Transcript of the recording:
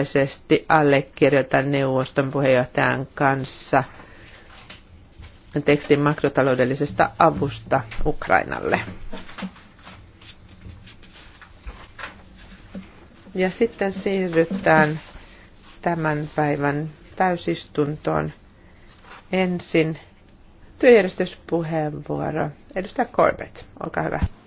mukaisesti allekirjoita neuvoston puheenjohtajan kanssa tekstin makrotaloudellisesta avusta Ukrainalle. Ja sitten siirrytään tämän päivän täysistuntoon. Ensin työjärjestyspuheenvuoro. Edustaja Corbett, olkaa hyvä.